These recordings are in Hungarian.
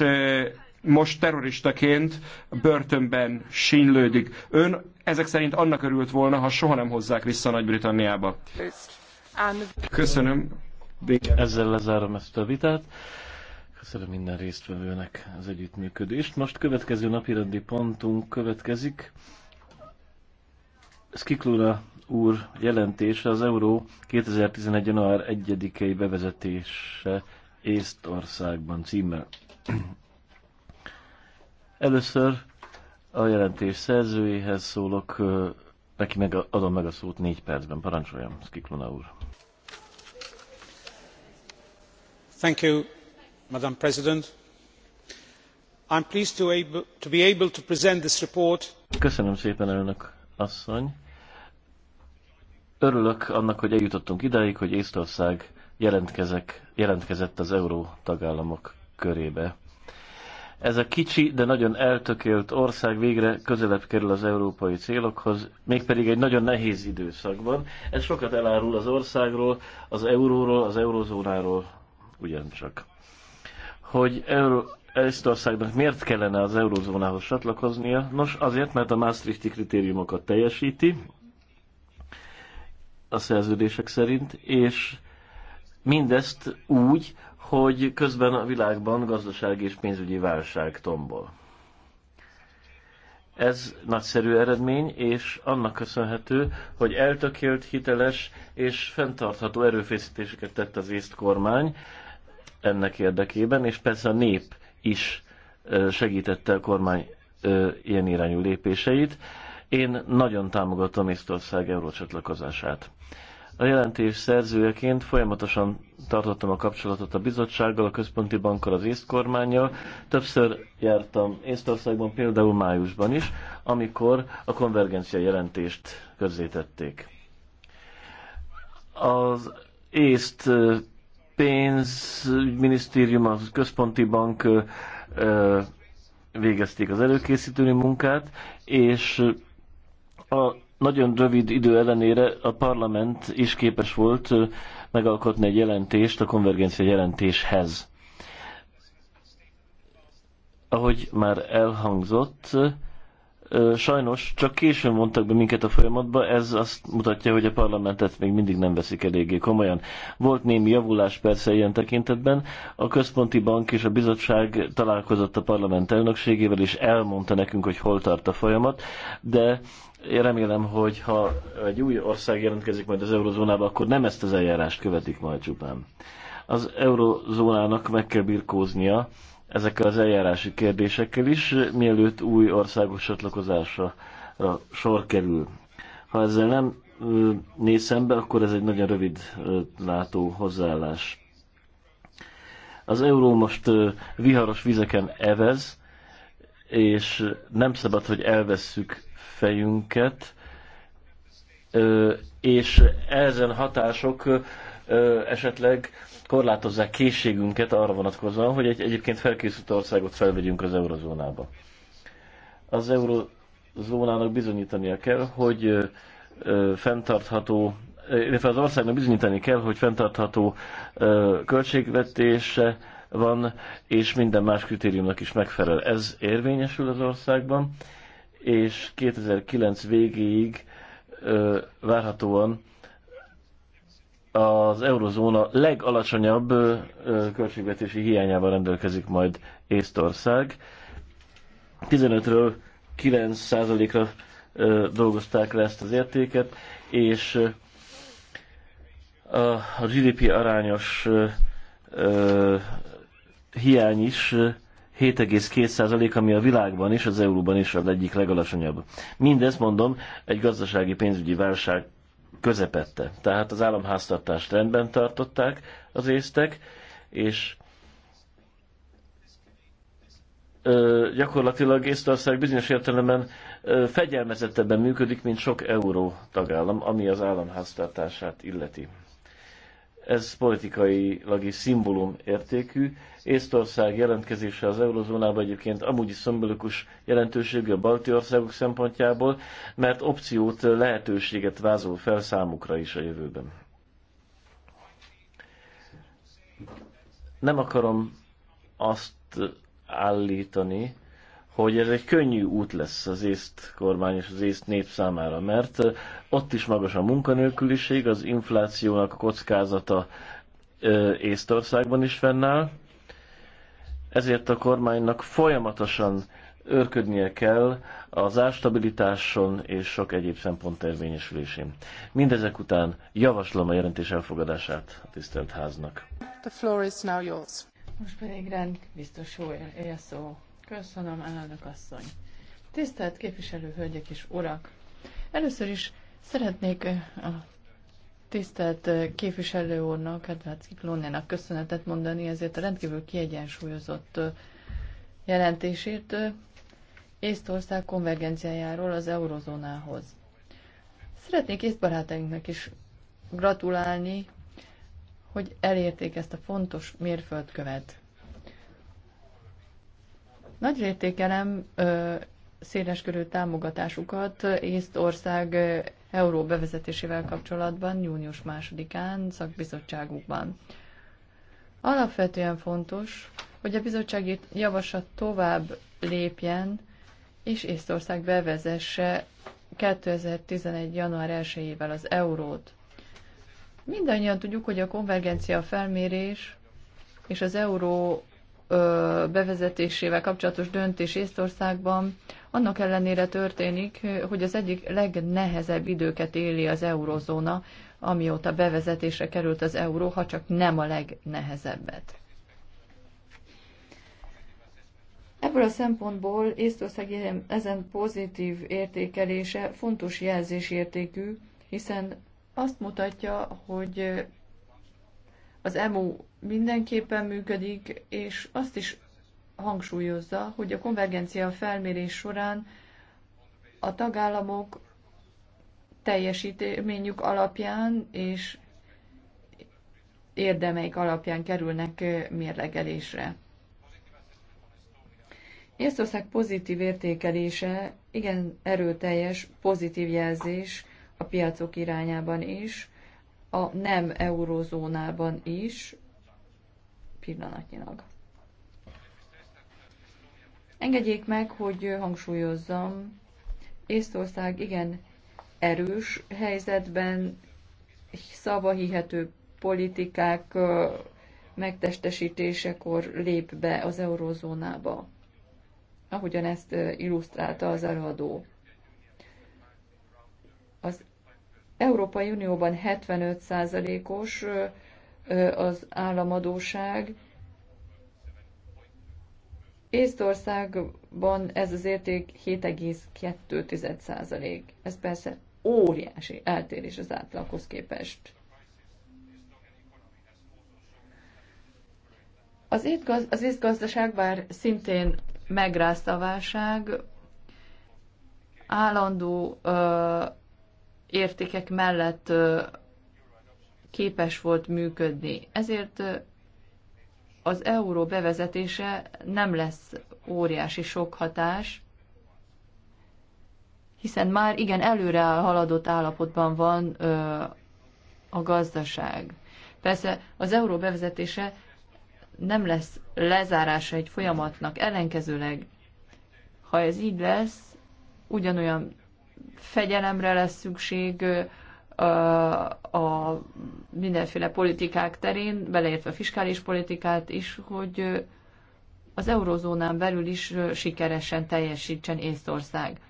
és most terroristaként börtönben sínlődik. Ön ezek szerint annak örült volna, ha soha nem hozzák vissza Nagy-Britanniába. Köszönöm. Ezzel lezárom ezt a vitát. Köszönöm minden résztvevőnek az együttműködést. Most következő napirendi pontunk következik. Skiklura úr jelentése az Euró 2011. január 1-i bevezetése Észtországban címmel. Először a jelentés szerzőjéhez szólok, neki meg adom meg a szót négy percben. Parancsoljam, Skiklona úr. Thank you, Madam President. I'm pleased to, able, to be able to present this report. Köszönöm szépen, Önök asszony. Örülök annak, hogy eljutottunk idáig, hogy Észtország jelentkezett az euró tagállamok körébe ez a kicsi, de nagyon eltökélt ország végre közelebb kerül az európai célokhoz, mégpedig egy nagyon nehéz időszakban. Ez sokat elárul az országról, az euróról, az eurozónáról ugyancsak. Hogy Euró- ezt országnak miért kellene az eurozónához csatlakoznia? Nos, azért, mert a Maastrichti kritériumokat teljesíti, a szerződések szerint, és mindezt úgy, hogy közben a világban gazdasági és pénzügyi válság tombol. Ez nagyszerű eredmény, és annak köszönhető, hogy eltökélt, hiteles és fenntartható erőfészítéseket tett az észt kormány ennek érdekében, és persze a nép is segítette a kormány ilyen irányú lépéseit. Én nagyon támogatom Észtország eurócsatlakozását. A jelentés szerzőjeként folyamatosan tartottam a kapcsolatot a bizottsággal, a központi bankkal, az észkormányjal. Többször jártam Észtországban, például májusban is, amikor a konvergencia jelentést közzétették. Az észt pénzügyminisztérium, a központi bank végezték az előkészítő munkát, és a nagyon rövid idő ellenére a parlament is képes volt megalkotni egy jelentést a konvergencia jelentéshez. Ahogy már elhangzott, Sajnos csak későn mondtak be minket a folyamatba, ez azt mutatja, hogy a parlamentet még mindig nem veszik eléggé komolyan. Volt némi javulás persze ilyen tekintetben, a központi bank és a bizottság találkozott a parlament elnökségével, és elmondta nekünk, hogy hol tart a folyamat, de én remélem, hogy ha egy új ország jelentkezik majd az eurozónába, akkor nem ezt az eljárást követik majd csupán. Az eurozónának meg kell birkóznia, ezekkel az eljárási kérdésekkel is, mielőtt új országos csatlakozásra sor kerül. Ha ezzel nem néz szembe, akkor ez egy nagyon rövid látó hozzáállás. Az euró most viharos vizeken evez, és nem szabad, hogy elvesszük fejünket, és ezen hatások esetleg korlátozzák készségünket arra vonatkozóan, hogy egy egyébként felkészült országot felvegyünk az eurozónába. Az eurozónának bizonyítania kell, hogy fenntartható illetve az országnak bizonyítani kell, hogy fenntartható költségvetése van, és minden más kritériumnak is megfelel. Ez érvényesül az országban, és 2009 végéig várhatóan az eurozóna legalacsonyabb költségvetési hiányával rendelkezik majd Észtország. 15-ről 9%-ra dolgozták le ezt az értéket, és a GDP arányos hiány is 7,2% ami a világban is, az euróban is az egyik legalacsonyabb. Mindezt mondom, egy gazdasági pénzügyi válság közepette. Tehát az államháztartást rendben tartották az észtek, és ö, gyakorlatilag Észtország bizonyos értelemben ö, fegyelmezettebben működik, mint sok euró tagállam, ami az államháztartását illeti ez politikailag is szimbólum értékű. Észtország jelentkezése az eurozónába egyébként amúgy is szimbolikus jelentőségű a balti országok szempontjából, mert opciót, lehetőséget vázol fel számukra is a jövőben. Nem akarom azt állítani, hogy ez egy könnyű út lesz az észt kormány és az észt nép számára, mert ott is magas a munkanélküliség, az inflációnak a kockázata Észtországban is fennáll, ezért a kormánynak folyamatosan őrködnie kell az árstabilitáson és sok egyéb szempont érvényesülésén. Mindezek után javaslom a jelentés elfogadását a tisztelt háznak. The floor is now yours. Most pedig rend biztos jó, szó. Köszönöm, elnök asszony. Tisztelt képviselő hölgyek és urak! Először is szeretnék eh, a tisztelt eh, képviselő úrnak, kedvelt Ciklónénak köszönetet mondani ezért a rendkívül kiegyensúlyozott eh, jelentésért Észtország konvergenciájáról az eurozónához. Szeretnék észbarátainknak is gratulálni, hogy elérték ezt a fontos mérföldkövet. Nagy értékelem széleskörű támogatásukat Észtország euró bevezetésével kapcsolatban június másodikán szakbizottságukban. Alapvetően fontos, hogy a bizottság javaslat tovább lépjen, és Észtország bevezesse 2011. január 1-ével az eurót. Mindannyian tudjuk, hogy a konvergencia felmérés és az euró bevezetésével kapcsolatos döntés Észtországban annak ellenére történik, hogy az egyik legnehezebb időket éli az eurozóna, amióta bevezetésre került az euró, ha csak nem a legnehezebbet. Ebből a szempontból Észtország ezen pozitív értékelése fontos jelzésértékű, hiszen azt mutatja, hogy az EMU mindenképpen működik, és azt is hangsúlyozza, hogy a konvergencia felmérés során a tagállamok teljesítményük alapján és érdemeik alapján kerülnek mérlegelésre. Észtország pozitív értékelése igen erőteljes, pozitív jelzés a piacok irányában is, a nem eurozónában is pillanatnyilag. Engedjék meg, hogy hangsúlyozzam, Észtország igen erős helyzetben, hihető politikák megtestesítésekor lép be az eurozónába, ahogyan ezt illusztrálta az előadó. Az Európai Unióban 75%-os az államadóság, Észtországban ez az érték 7,2%. Ez persze óriási eltérés az átlaghoz képest. Az, étgaz, az észgazdaság bár szintén megrázta a válság, állandó ö, értékek mellett képes volt működni. Ezért az euró bevezetése nem lesz óriási sok hatás, hiszen már igen előre haladott állapotban van a gazdaság. Persze az euró bevezetése nem lesz lezárása egy folyamatnak, ellenkezőleg, ha ez így lesz, ugyanolyan fegyelemre lesz szükség a mindenféle politikák terén, beleértve a fiskális politikát is, hogy az eurozónán belül is sikeresen teljesítsen Észtország.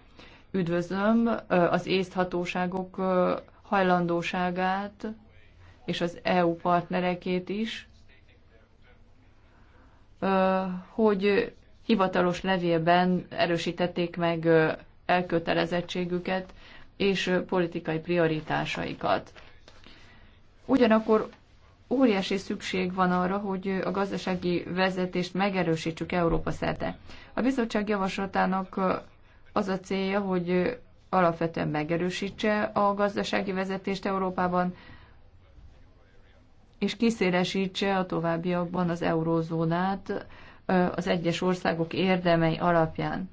Üdvözlöm az észt hatóságok hajlandóságát és az EU partnerekét is, hogy hivatalos levélben erősítették meg elkötelezettségüket és politikai prioritásaikat. Ugyanakkor óriási szükség van arra, hogy a gazdasági vezetést megerősítsük Európa szerte. A bizottság javaslatának az a célja, hogy alapvetően megerősítse a gazdasági vezetést Európában, és kiszélesítse a továbbiakban az eurózónát az egyes országok érdemei alapján.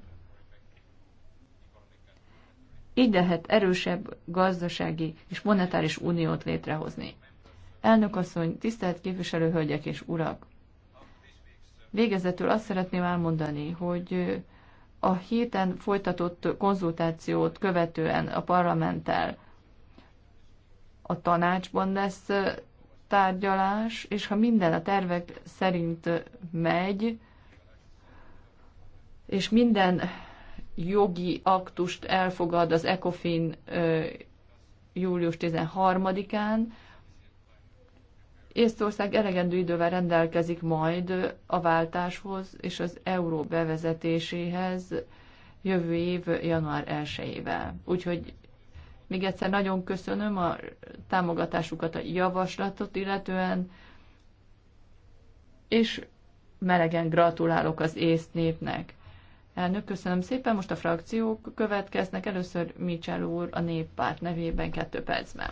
Így lehet erősebb gazdasági és monetáris uniót létrehozni. Elnök asszony, tisztelt képviselőhölgyek és urak! Végezetül azt szeretném elmondani, hogy a héten folytatott konzultációt követően a parlamenttel a tanácsban lesz tárgyalás, és ha minden a tervek szerint megy, és minden jogi aktust elfogad az ECOFIN július 13-án. Észtország elegendő idővel rendelkezik majd a váltáshoz és az euró bevezetéséhez jövő év január 1-ével. Úgyhogy még egyszer nagyon köszönöm a támogatásukat a javaslatot illetően, és melegen gratulálok az észt népnek. Elnök, köszönöm szépen. Most a frakciók következnek. Először Mitchell úr a néppárt nevében kettő percben.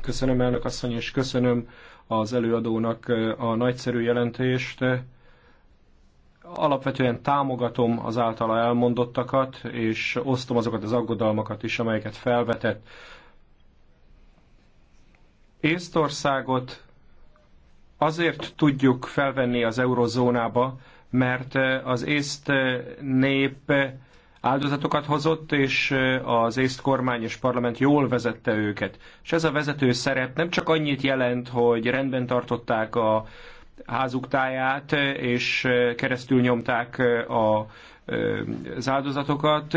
Köszönöm elnök asszony, és köszönöm az előadónak eh, a nagyszerű jelentést. Alapvetően támogatom az általa elmondottakat, és osztom azokat az aggodalmakat is, amelyeket felvetett. Észtországot azért tudjuk felvenni az eurozónába, mert eh, az észt eh, nép eh, áldozatokat hozott, és az észt kormány és parlament jól vezette őket. És ez a vezető szerep nem csak annyit jelent, hogy rendben tartották a házuk táját, és keresztül nyomták a, az áldozatokat,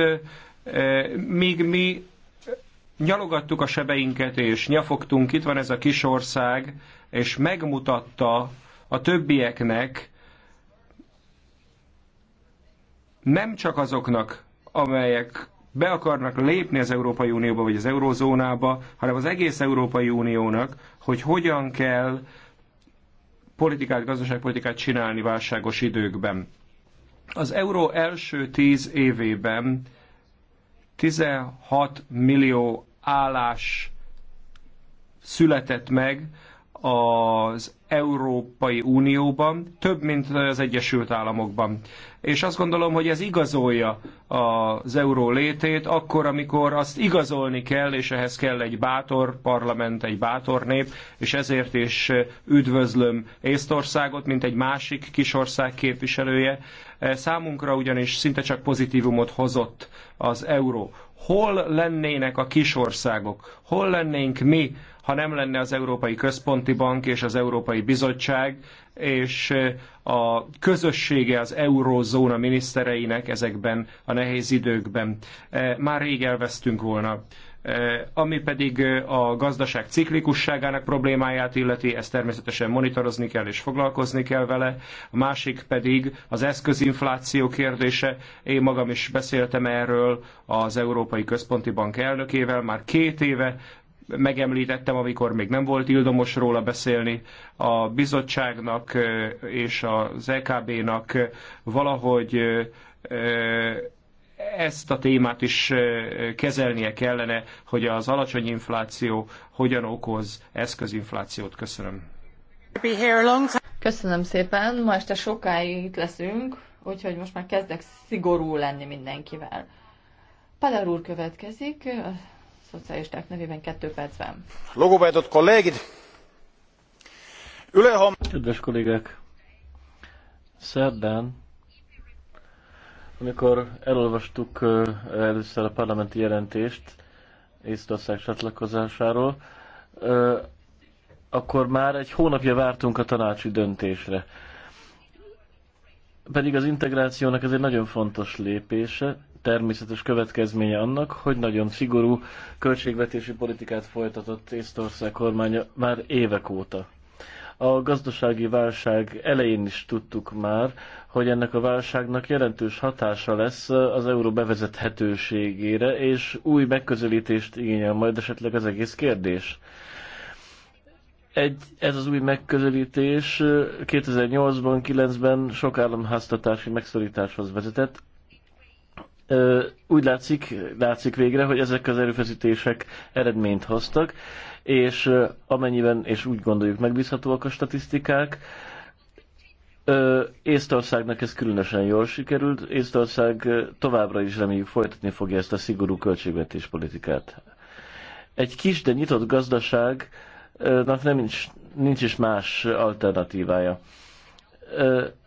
míg mi nyalogattuk a sebeinket, és nyafogtunk, itt van ez a kis ország, és megmutatta a többieknek, nem csak azoknak, amelyek be akarnak lépni az Európai Unióba vagy az Eurózónába, hanem az egész Európai Uniónak, hogy hogyan kell politikát, gazdaságpolitikát csinálni válságos időkben. Az euró első tíz évében 16 millió állás született meg, az Európai Unióban, több, mint az Egyesült Államokban. És azt gondolom, hogy ez igazolja az euró létét, akkor, amikor azt igazolni kell, és ehhez kell egy bátor parlament, egy bátor nép, és ezért is üdvözlöm Észtországot, mint egy másik kis ország képviselője. Számunkra ugyanis szinte csak pozitívumot hozott az euró. Hol lennének a kisországok? Hol lennénk mi, ha nem lenne az Európai Központi Bank és az Európai Bizottság, és eh, a közössége az eurózóna minisztereinek ezekben a nehéz időkben. Eh, már rég elvesztünk volna. Eh, ami pedig eh, a gazdaság ciklikusságának problémáját illeti, ezt természetesen monitorozni kell és foglalkozni kell vele. A másik pedig az eszközinfláció kérdése. Én magam is beszéltem erről az Európai Központi Bank elnökével, már két éve megemlítettem, amikor még nem volt ildomos róla beszélni, a bizottságnak eh, és az EKB-nak valahogy ezt a témát is kezelnie kellene, hogy az alacsony infláció hogyan okoz eszközinflációt. Köszönöm. Köszönöm szépen. Ma este sokáig itt leszünk, úgyhogy most már kezdek szigorú lenni mindenkivel. Padar úr következik, a szocialisták nevében kettő percben. Logobájtott kollégid! Kedves kollégák! Szerdán amikor elolvastuk először a parlamenti jelentést Észtország csatlakozásáról, akkor már egy hónapja vártunk a tanácsi döntésre. Pedig az integrációnak ez egy nagyon fontos lépése, természetes következménye annak, hogy nagyon szigorú költségvetési politikát folytatott Észtország kormánya már évek óta. A gazdasági válság elején is tudtuk már, hogy ennek a válságnak jelentős hatása lesz az euró bevezethetőségére, és új megközelítést igényel majd esetleg az egész kérdés. Egy, ez az új megközelítés 2008-ban, 9-ben sok államháztatási megszorításhoz vezetett, úgy látszik, látszik végre, hogy ezek az erőfeszítések eredményt hoztak, és amennyiben, és úgy gondoljuk, megbízhatóak a statisztikák, Észtországnak ez különösen jól sikerült. Észtország továbbra is reméljük folytatni fogja ezt a szigorú költségvetés politikát. Egy kis, de nyitott gazdaságnak nem nincs, nincs is más alternatívája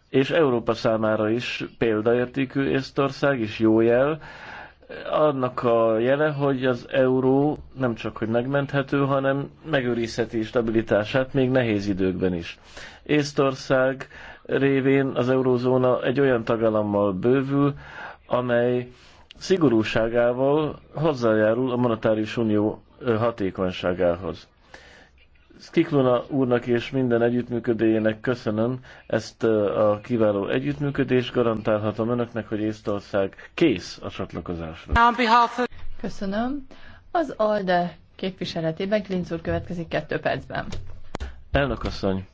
és Európa számára is példaértékű Észtország, és jó jel, annak a jele, hogy az euró nem csak hogy megmenthető, hanem megőrizheti stabilitását még nehéz időkben is. Észtország révén az eurózóna egy olyan tagállammal bővül, amely szigorúságával hozzájárul a monetáris unió hatékonyságához szkikluna úrnak és minden együttműködéjének köszönöm ezt a kiváló együttműködést. Garantálhatom önöknek, hogy Észtország kész a csatlakozásra. Köszönöm. Az ALDE képviseletében Klinc úr következik kettő percben. Elnök asszony.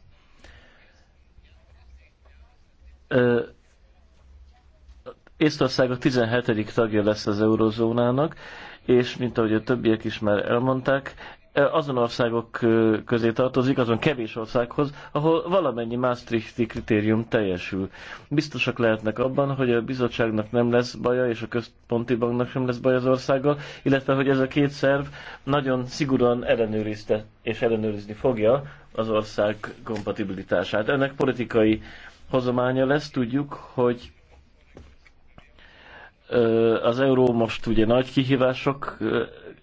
Észtország a 17. tagja lesz az eurozónának, és mint ahogy a többiek is már elmondták, E, azon országok e, közé tartozik, azon kevés országhoz, ahol valamennyi Maastrichti kritérium teljesül. Biztosak lehetnek abban, hogy a bizottságnak nem lesz baja, és a központi banknak sem lesz baja az országgal, illetve hogy ez a két szerv nagyon szigorúan ellenőrizte és ellenőrizni fogja az ország kompatibilitását. Ennek politikai hozománya lesz, tudjuk, hogy e, az euró most ugye nagy kihívások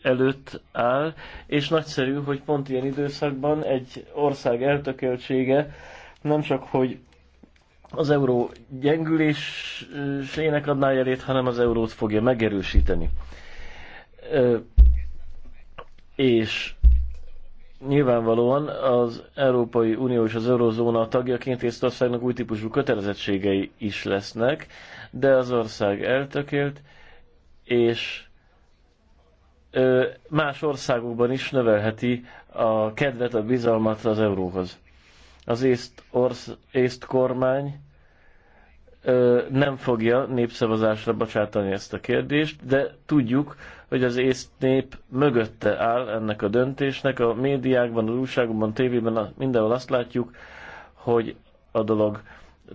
előtt áll, és nagyszerű, hogy pont ilyen időszakban egy ország eltökéltsége nem csak, hogy az euró gyengülésének adná jelét, hanem az eurót fogja megerősíteni. És nyilvánvalóan az Európai Unió és az Eurózóna tagjaként Észtországnak új típusú kötelezettségei is lesznek, de az ország eltökélt, és más országokban is növelheti a kedvet, a bizalmat az euróhoz. Az észt, orsz, észt kormány ö, nem fogja népszavazásra bocsátani ezt a kérdést, de tudjuk, hogy az észt nép mögötte áll ennek a döntésnek. A médiákban, az újságokban, tévében mindenhol azt látjuk, hogy a dolog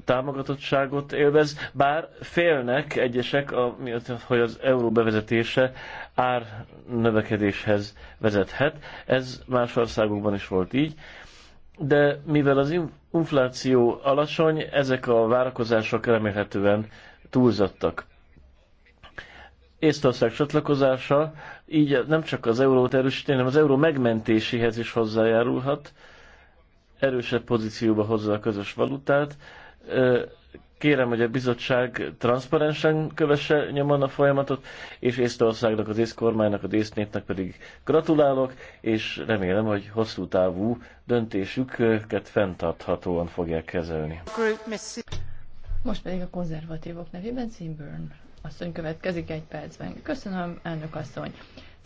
támogatottságot élvez, bár félnek egyesek, amiatt, hogy az euró bevezetése ár növekedéshez vezethet. Ez más országokban is volt így. De mivel az infláció alacsony, ezek a várakozások remélhetően túlzottak. Észtország csatlakozása így nem csak az eurót erősíti, hanem az euró megmentéséhez is hozzájárulhat, erősebb pozícióba hozza a közös valutát, Kérem, hogy a bizottság transzparensen kövesse nyomon a folyamatot, és Észtországnak, az észkormánynak, a észnépnek pedig gratulálok, és remélem, hogy hosszú távú döntésüket fenntarthatóan fogják kezelni. Most pedig a konzervatívok nevében Simburn asszony következik egy percben. Köszönöm, elnök asszony.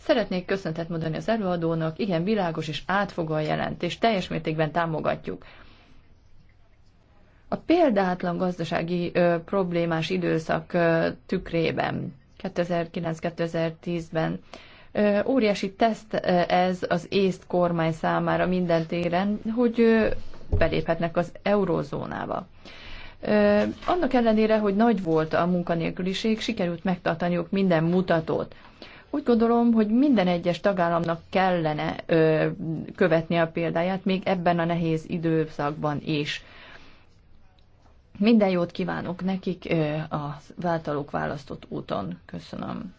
Szeretnék köszöntet mondani az előadónak, igen, világos és átfogó a jelentés, teljes mértékben támogatjuk a példátlan gazdasági ö, problémás időszak ö, tükrében 2009-2010-ben. Óriási teszt ez az észt kormány számára minden téren, hogy ö, beléphetnek az eurózónába. Ö, annak ellenére, hogy nagy volt a munkanélküliség, sikerült megtartaniuk minden mutatót. Úgy gondolom, hogy minden egyes tagállamnak kellene ö, követni a példáját, még ebben a nehéz időszakban is. Minden jót kívánok nekik a váltalók választott úton. Köszönöm.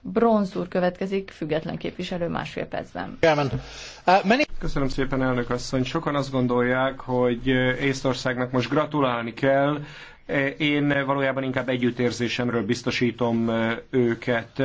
Bronz úr következik, független képviselő másfél percben. Uh, Köszönöm szépen, elnök asszony. Sokan azt gondolják, hogy Észtországnak most gratulálni kell. Én valójában inkább együttérzésemről biztosítom őket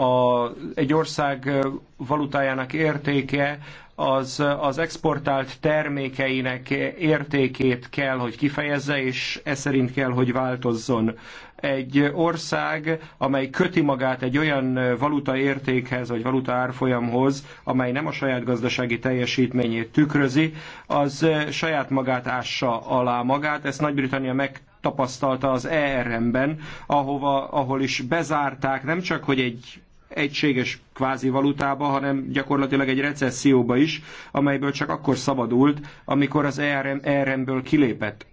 a, egy ország valutájának értéke az, az exportált termékeinek értékét kell, hogy kifejezze, és ez szerint kell, hogy változzon. Egy ország, amely köti magát egy olyan valuta értékhez, vagy valuta árfolyamhoz, amely nem a saját gazdasági teljesítményét tükrözi, az saját magát ássa alá magát. Ezt Nagy-Britannia meg tapasztalta az ERM-ben, ahova, ahol is bezárták nem csak, hogy egy egységes kvázi valutába, hanem gyakorlatilag egy recesszióba is, amelyből csak akkor szabadult, amikor az ERM, ERM-ből kilépett.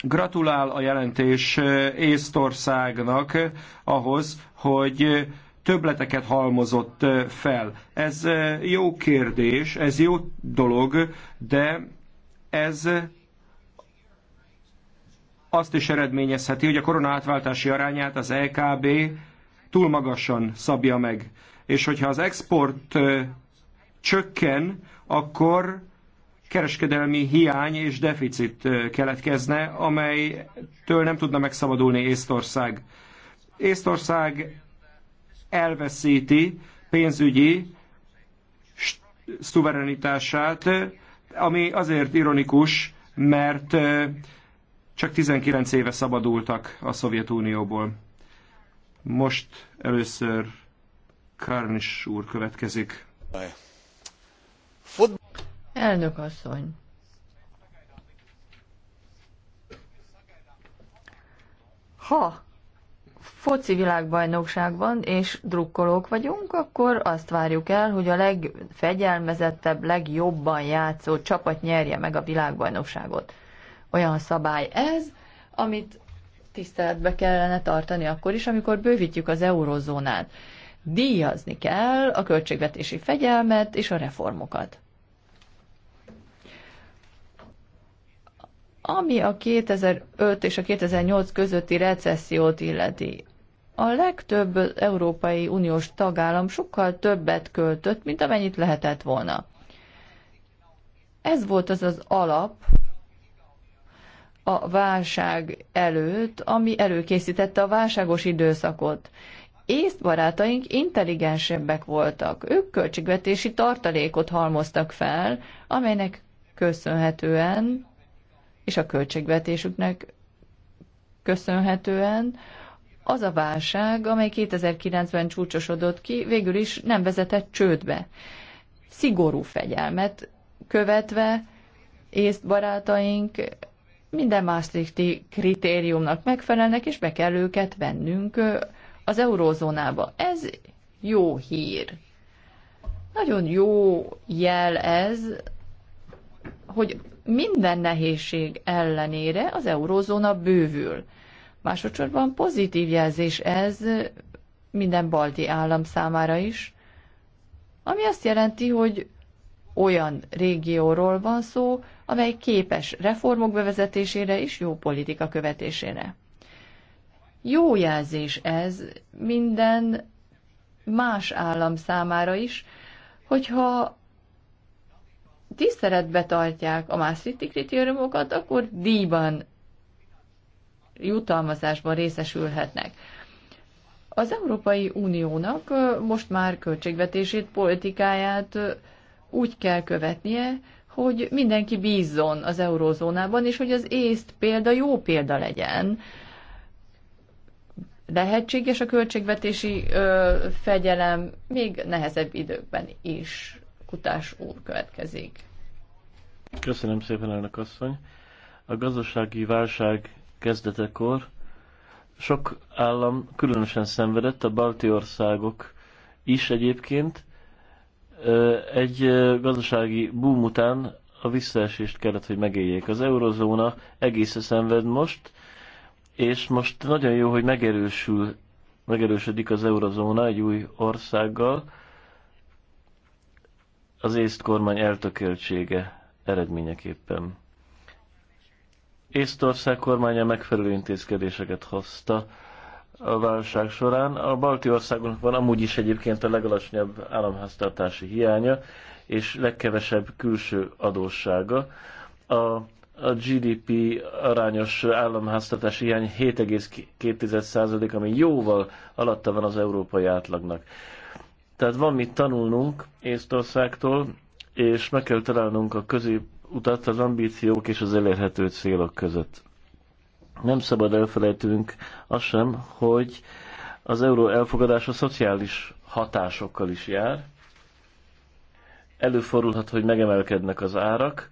Gratulál a jelentés Észtországnak ahhoz, hogy többleteket halmozott fel. Ez jó kérdés, ez jó dolog, de ez azt is eredményezheti, hogy a korona átváltási arányát az EKB túl magasan szabja meg. És hogyha az export csökken, akkor kereskedelmi hiány és deficit keletkezne, amelytől nem tudna megszabadulni Észtország. Észtország elveszíti pénzügyi szuverenitását, ami azért ironikus, mert csak 19 éve szabadultak a Szovjetunióból. Most először Karnis úr következik. Elnök asszony. Ha foci világbajnokság van, és drukkolók vagyunk, akkor azt várjuk el, hogy a legfegyelmezettebb, legjobban játszó csapat nyerje meg a világbajnokságot. Olyan szabály ez, amit tiszteletbe kellene tartani akkor is, amikor bővítjük az eurozónát. Díjazni kell a költségvetési fegyelmet és a reformokat. Ami a 2005 és a 2008 közötti recessziót illeti, a legtöbb Európai Uniós tagállam sokkal többet költött, mint amennyit lehetett volna. Ez volt az az alap, a válság előtt, ami előkészítette a válságos időszakot. Észt barátaink intelligensebbek voltak. Ők költségvetési tartalékot halmoztak fel, amelynek köszönhetően, és a költségvetésüknek köszönhetően az a válság, amely 2009-ben csúcsosodott ki, végül is nem vezetett csődbe. Szigorú fegyelmet követve észt barátaink minden Maastrichti kritériumnak megfelelnek, és be kell őket vennünk az eurózónába. Ez jó hír. Nagyon jó jel ez, hogy minden nehézség ellenére az eurózóna bővül. Másodszorban pozitív jelzés ez minden balti állam számára is, ami azt jelenti, hogy olyan régióról van szó, amely képes reformok bevezetésére és jó politika követésére. Jó jelzés ez minden más állam számára is, hogyha tiszteletbe tartják a Maastrichti kritériumokat, akkor díjban, jutalmazásban részesülhetnek. Az Európai Uniónak most már költségvetését, politikáját úgy kell követnie, hogy mindenki bízzon az eurózónában, és hogy az észt példa jó példa legyen. Lehetséges a költségvetési ö, fegyelem még nehezebb időkben is. Kutás úr következik. Köszönöm szépen, elnök asszony. A gazdasági válság kezdetekor sok állam különösen szenvedett, a balti országok is egyébként, egy gazdasági boom után a visszaesést kellett, hogy megéljék. Az eurozóna egészen szenved most, és most nagyon jó, hogy megerősül, megerősödik az eurozóna egy új országgal. Az észt kormány eltökéltsége eredményeképpen. Észtország kormánya megfelelő intézkedéseket hozta a válság során. A balti országunk van amúgy is egyébként a legalacsonyabb államháztartási hiánya, és legkevesebb külső adóssága. A, a GDP arányos államháztartási hiány 7,2%, ami jóval alatta van az európai átlagnak. Tehát van mit tanulnunk Észtországtól, és meg kell találnunk a középutat az ambíciók és az elérhető célok között. Nem szabad elfelejtünk az sem, hogy az euró elfogadása szociális hatásokkal is jár. Előfordulhat, hogy megemelkednek az árak,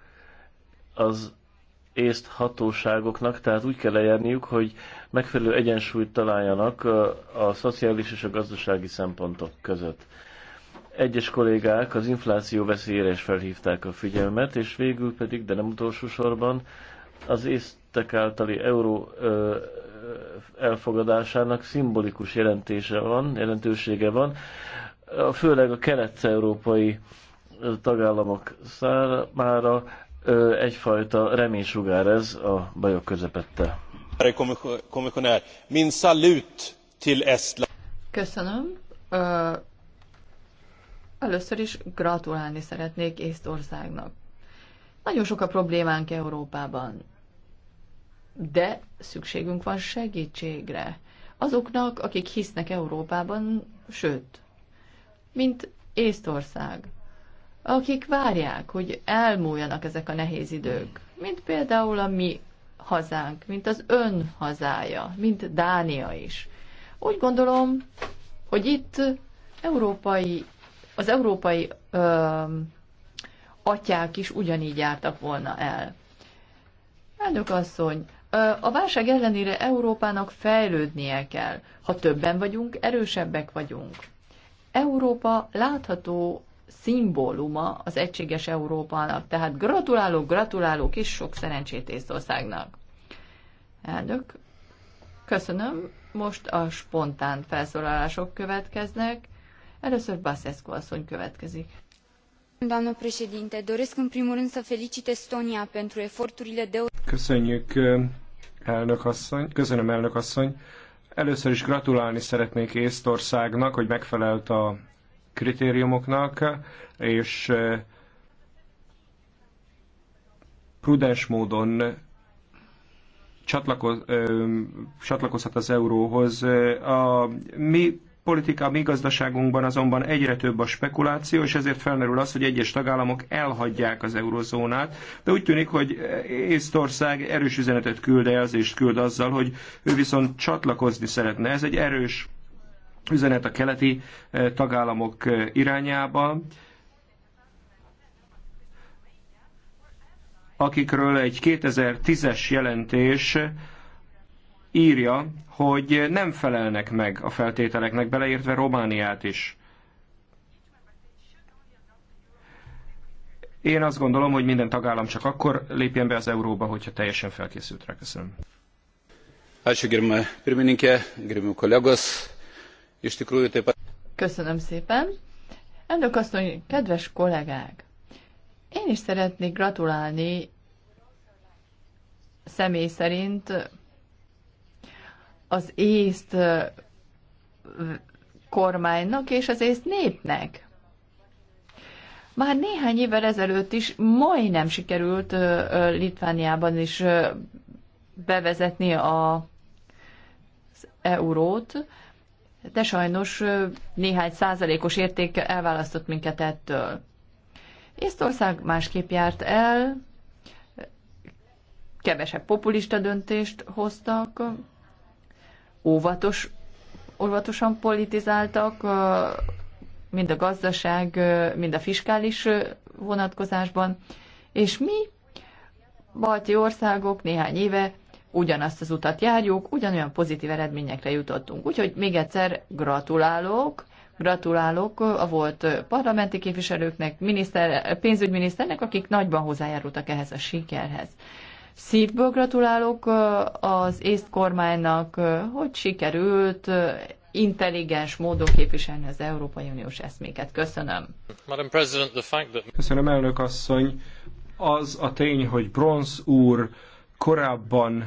az észt hatóságoknak, tehát úgy kell lejárniuk, hogy megfelelő egyensúlyt találjanak a, a szociális és a gazdasági szempontok között. Egyes kollégák az infláció veszélyére is felhívták a figyelmet, és végül pedig, de nem utolsó sorban, az észt tettek általi euró ö, elfogadásának szimbolikus jelentése van, jelentősége van, főleg a kelet-európai tagállamok számára ö, egyfajta reménysugár ez a bajok közepette. Min salut till Estland. Köszönöm. először is gratulálni szeretnék Észtországnak. Nagyon sok a problémánk Európában de szükségünk van segítségre. Azoknak, akik hisznek Európában, sőt, mint Észtország, akik várják, hogy elmúljanak ezek a nehéz idők, mint például a mi hazánk, mint az ön hazája, mint Dánia is. Úgy gondolom, hogy itt európai, az európai ö, atyák is ugyanígy jártak volna el. Elnök asszony, a válság ellenére Európának fejlődnie kell. Ha többen vagyunk, erősebbek vagyunk. Európa látható szimbóluma az egységes Európának, tehát gratulálok, gratulálok, és sok szerencsét Észtországnak. Elnök, köszönöm. Most a spontán felszólalások következnek. Először Baszeszko asszony következik. Doamnă președinte, doresc în primul rând să felicit Estonia pentru eforturile de... Köszönjük elnök asszony. Köszönöm, elnök asszony. Először is gratulálni szeretnék Észtországnak, hogy megfelelt a kritériumoknak, és eh, prudens módon csatlakoz, ö, eh, csatlakozhat az euróhoz. A mi politika, mi gazdaságunkban azonban egyre több a spekuláció, és ezért felmerül az, hogy egyes tagállamok elhagyják az eurozónát, de úgy tűnik, hogy Észtország erős üzenetet küld el, és küld azzal, hogy ő viszont csatlakozni szeretne. Ez egy erős üzenet a keleti eh, tagállamok eh, irányába. akikről egy 2010-es jelentés írja, hogy nem felelnek meg a feltételeknek, beleértve Romániát is. Én azt gondolom, hogy minden tagállam csak akkor lépjen be az euróba, hogyha teljesen felkészült rá. Köszönöm. Köszönöm szépen. Elnök asszony, kedves kollégák! Én is szeretnék gratulálni személy szerint az észt kormánynak és az észt népnek. Már néhány évvel ezelőtt is majdnem sikerült Litvániában is bevezetni a, az eurót, de sajnos néhány százalékos érték elválasztott minket ettől. Észtország másképp járt el, kevesebb populista döntést hoztak, óvatos, óvatosan politizáltak, mind a gazdaság, mind a fiskális vonatkozásban, és mi, balti országok néhány éve ugyanazt az utat járjuk, ugyanolyan pozitív eredményekre jutottunk. Úgyhogy még egyszer gratulálok, gratulálok a volt parlamenti képviselőknek, miniszter, pénzügyminiszternek, akik nagyban hozzájárultak ehhez a sikerhez. Szívből gratulálok az észt kormánynak, hogy sikerült intelligens módon képviselni az Európai Uniós eszméket. Köszönöm. Köszönöm, elnök asszony. Az a tény, hogy Bronz úr korábban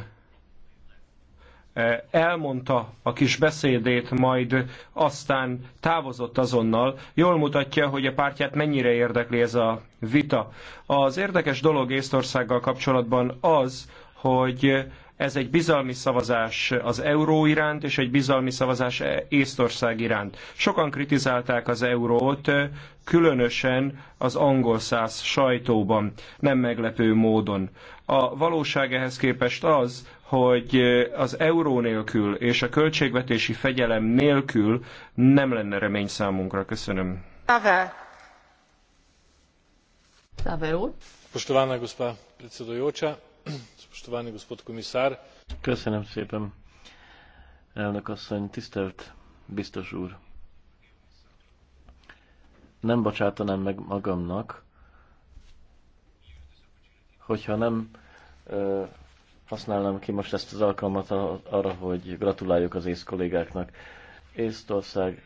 Eh, elmondta a kis beszédét, majd aztán távozott azonnal, jól mutatja, hogy a pártját mennyire érdekli ez a vita. Az érdekes dolog Észtországgal kapcsolatban az, hogy ez egy bizalmi szavazás az euró iránt, és egy bizalmi szavazás Észtország iránt. Sokan kritizálták az eurót, eh, különösen az angol száz sajtóban, nem meglepő módon. A valóság ehhez képest az, hogy az euró nélkül és a költségvetési fegyelem nélkül nem lenne remény számunkra. Köszönöm. Spoštovana Köszönöm szépen, elnök asszony, tisztelt biztos úr. Nem bocsátanám meg magamnak, hogyha nem használnám ki most ezt az alkalmat arra, hogy gratuláljuk az ész kollégáknak. Észtország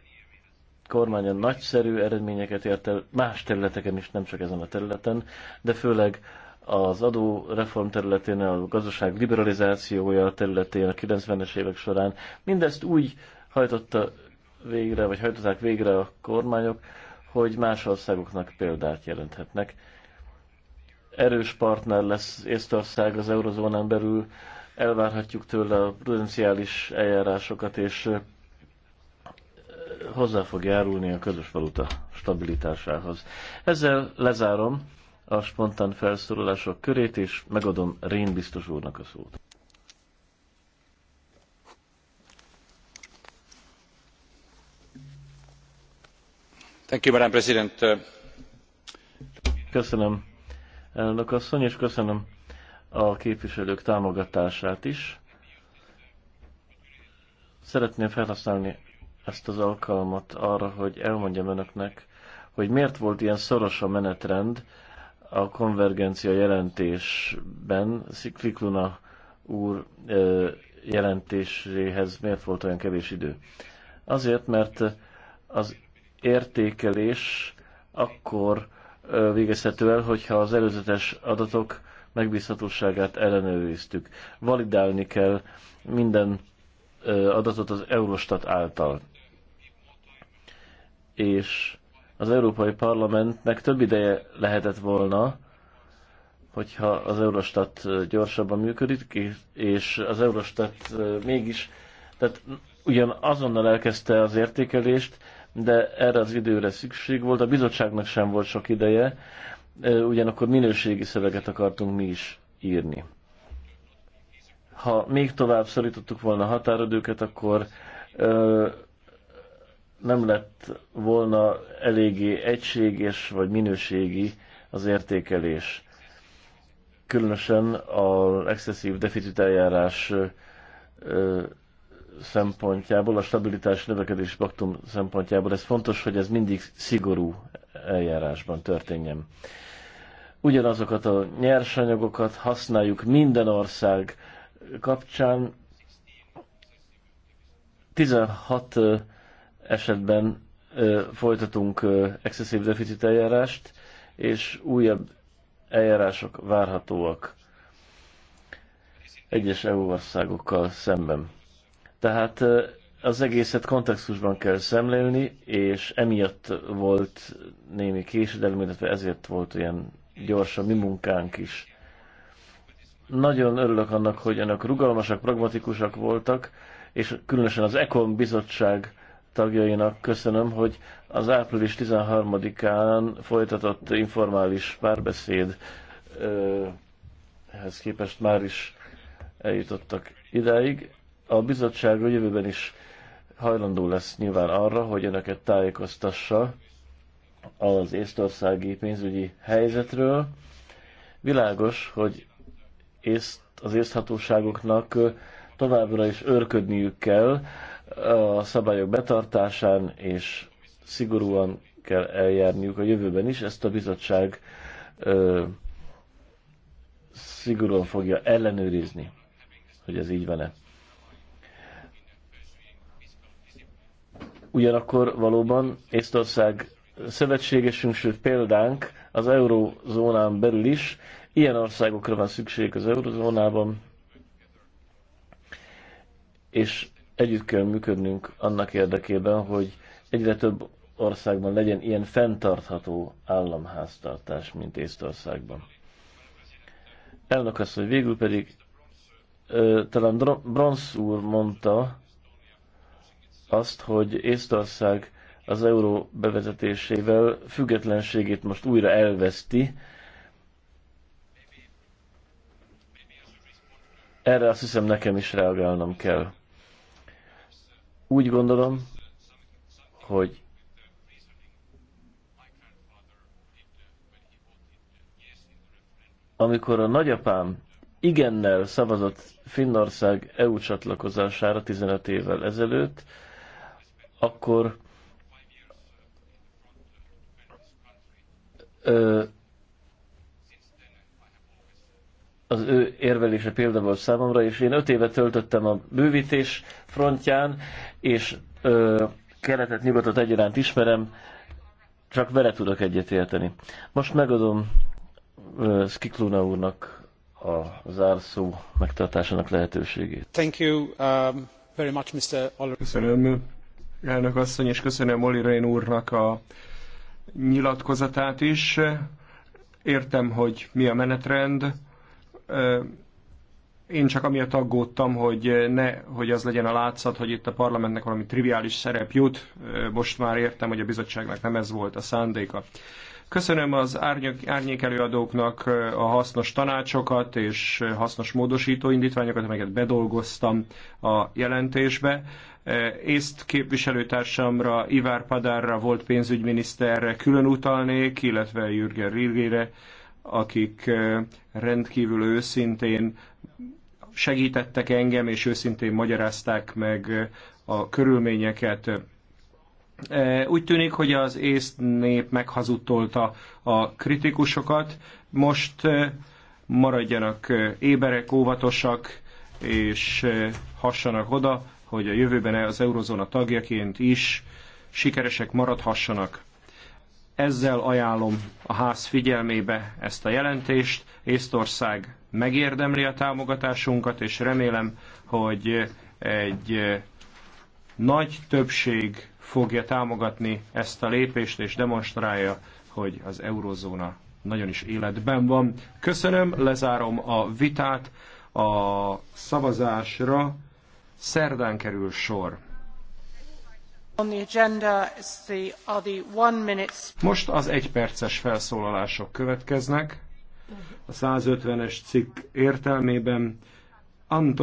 kormánya nagyszerű eredményeket ért el más területeken is, nem csak ezen a területen, de főleg az adó reform területén, a gazdaság liberalizációja a területén a 90-es évek során. Mindezt úgy hajtotta végre, vagy hajtották végre a kormányok, hogy más országoknak példát jelenthetnek erős partner lesz Észtország az eurozónán belül, elvárhatjuk tőle a prudenciális eljárásokat, és hozzá fog járulni a közös valuta stabilitásához. Ezzel lezárom a spontán felszólalások körét, és megadom Rén biztos úrnak a szót. Thank you, Madam President. Köszönöm, elnök asszony, és köszönöm a képviselők támogatását is. Szeretném felhasználni ezt az alkalmat arra, hogy elmondjam önöknek, hogy miért volt ilyen szoros a menetrend a konvergencia jelentésben, Szikvikluna úr jelentéséhez miért volt olyan kevés idő. Azért, mert az értékelés akkor végezhető el, hogyha az előzetes adatok megbízhatóságát ellenőriztük. Validálni kell minden adatot az Eurostat által. És az Európai Parlamentnek több ideje lehetett volna, hogyha az Eurostat gyorsabban működik, és az Eurostat mégis, tehát ugyan azonnal elkezdte az értékelést, de erre az időre szükség volt, a bizottságnak sem volt sok ideje, ugyanakkor minőségi szöveget akartunk mi is írni. Ha még tovább szorítottuk volna határodőket, akkor ö, nem lett volna eléggé egységes vagy minőségi az értékelés. Különösen az excessív deficit eljárás ö, szempontjából, a stabilitás növekedés paktum szempontjából ez fontos, hogy ez mindig szigorú eljárásban történjen. Ugyanazokat a nyersanyagokat használjuk minden ország kapcsán. 16 esetben folytatunk excessive deficit eljárást, és újabb eljárások várhatóak egyes EU országokkal szemben. Tehát az egészet kontextusban kell szemlélni, és emiatt volt némi késedelem, illetve ezért volt olyan gyors a mi munkánk is. Nagyon örülök annak, hogy önök rugalmasak, pragmatikusak voltak, és különösen az ECOM bizottság tagjainak köszönöm, hogy az április 13-án folytatott informális párbeszédhez képest már is eljutottak idáig a bizottság a jövőben is hajlandó lesz nyilván arra, hogy önöket tájékoztassa az észtországi pénzügyi helyzetről. Világos, hogy észt, az észthatóságoknak továbbra is őrködniük kell a szabályok betartásán, és szigorúan kell eljárniuk a jövőben is. Ezt a bizottság ö, szigorúan fogja ellenőrizni, hogy ez így van-e. Ugyanakkor valóban Észtország szövetségesünk, sőt példánk az eurózónán belül is. Ilyen országokra van szükség az eurozónában, és együtt kell működnünk annak érdekében, hogy egyre több országban legyen ilyen fenntartható államháztartás, mint Észtországban. Elnök azt, hogy végül pedig talán Bronsz úr mondta, azt, hogy Észtország az euró bevezetésével függetlenségét most újra elveszti. Erre azt hiszem nekem is reagálnom kell. Úgy gondolom, hogy amikor a nagyapám igennel szavazott Finnország EU csatlakozására 15 évvel ezelőtt, akkor ö, az ő érvelése példa volt számomra, és én öt éve töltöttem a bővítés frontján, és ö, keletet, nyugatot egyaránt ismerem, csak vele tudok egyetérteni. Most megadom ö, Skikluna úrnak a zárszó megtartásának lehetőségét. Thank you, um, very much, Mr. Köszönöm, elnök asszony, és köszönöm Oli Rén úrnak a nyilatkozatát is. Értem, hogy mi a menetrend. Én csak amiatt aggódtam, hogy ne, hogy az legyen a látszat, hogy itt a parlamentnek valami triviális szerep jut. Most már értem, hogy a bizottságnak nem ez volt a szándéka. Köszönöm az árnyék, előadóknak a hasznos tanácsokat és hasznos módosító indítványokat, amelyeket bedolgoztam a jelentésbe észt képviselőtársamra, Ivár Padárra volt pénzügyminiszterre külön utalnék, illetve Jürgen Rilgére, akik rendkívül őszintén segítettek engem, és őszintén magyarázták meg a körülményeket. Úgy tűnik, hogy az észt nép meghazudtolta a kritikusokat. Most maradjanak éberek, óvatosak, és hassanak oda, hogy a jövőben az eurozóna tagjaként is sikeresek maradhassanak. Ezzel ajánlom a ház figyelmébe ezt a jelentést. Észtország megérdemli a támogatásunkat, és remélem, hogy egy nagy többség fogja támogatni ezt a lépést, és demonstrálja, hogy az eurozóna nagyon is életben van. Köszönöm, lezárom a vitát a szavazásra Szerdán kerül sor. Most az egyperces felszólalások következnek. A 150-es cikk értelmében Anton